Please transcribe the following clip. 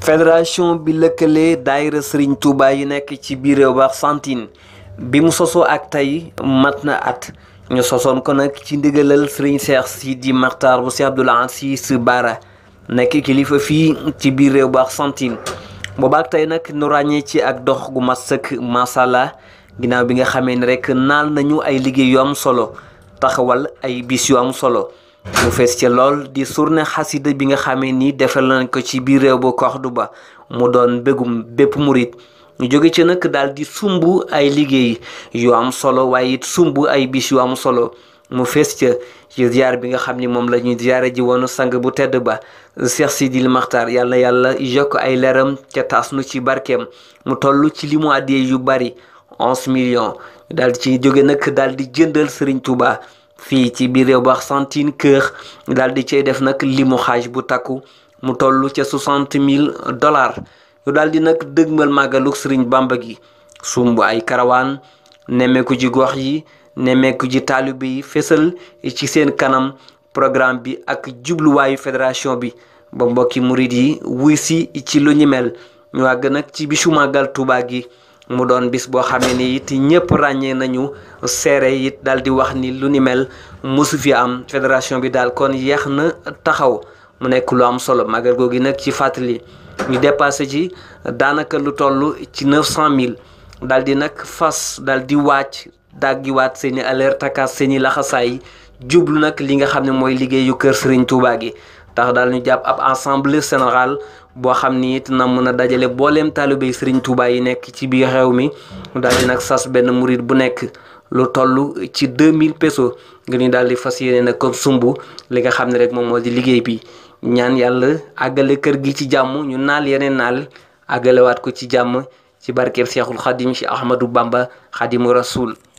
fédération bi lëkkalee daayira Serigne Touba yi nekk ci biir réew baax Santine bi mu sosoo ak tey mat na at ñu sosoon ko nag ci ndigalal Serigne Cheikh di Makhtar bu Cheikh Abdoul Aziz Bara nekk kilifa fii ci biir réew baax Santine boobaak tey nag nu ràññee ci ak dox gu mat sëkk masala ginnaaw bi nga xamee ni rek naal nañu ay liggéey yu am solo taxawal ay bis yu am solo mu fees ca lool di surne xasida bi nga xamee ni defal nañ ko ci biir réew bu ba mu doon bégum bépp murit ñu jóge ci nag daal di sumb ay liggéey yu am solo waaye it sumb ay bis yu am solo mu fees ca ci ziar bi nga xam ni moom lañuy ñuy ziare ji woon sang bu tedd ba Cheikh Sidil Maxtaar yàlla yàlla yokk ay leeram ca tasnu ci barkeem mu toll ci li mu yu bari onze millions daal ci jóge nag daal di jëndal sëriñ Touba. fii ci biir réew bu Argentine kër daal di cay def nag limu xaaj bu takku mu toll ca soixante mille dollars yu daal di nag dëgmal màggalu Sëriñ Bàmba gi sumb ay karawaan nemmeeku ji gox yi nemmeeku ji taalibe yi fésal ci seen kanam programme bi ak jubluwaayu fédération bi ba mbokki murit yi wuy si ci lu ñi mel ñu àgg nag ci bisu màggal Tuubaa gi mu doon bis boo xamee ni it ñëpp ràññee nañu seere it daal di wax ni lu ni mel mosu fi am fédération bi daal kon yeex na taxaw mu nekk lu am solo magal googi nag ci fàttali ñu dépassé ci daanaka lu toll ci neuf cent mille daal di nag fas daal di wàcc daggiwaat seen i alerte ak laxasaay jublu nag li nga xam ne mooy liggéeyu kër Serigne Touba gi tax daal ñu jàpp ab assemblée générale boo xam ni it na mën a dajale booleem taalibey Serigne Touba yi nekk ci biir réew mi daal di nag sas benn murit bu nekk lu toll ci 2000 peso nga ñu daal di fas yéene nag comme sumb li nga xam ne rek moom moo di liggéey bi ñaan yàlla àggale kër gi ci jàmm ñu naal yeneen naal àggalewaat ko ci jàmm ci barkeeb Seexul Xadim ci Ahmadou Bamba Xadimu Rasul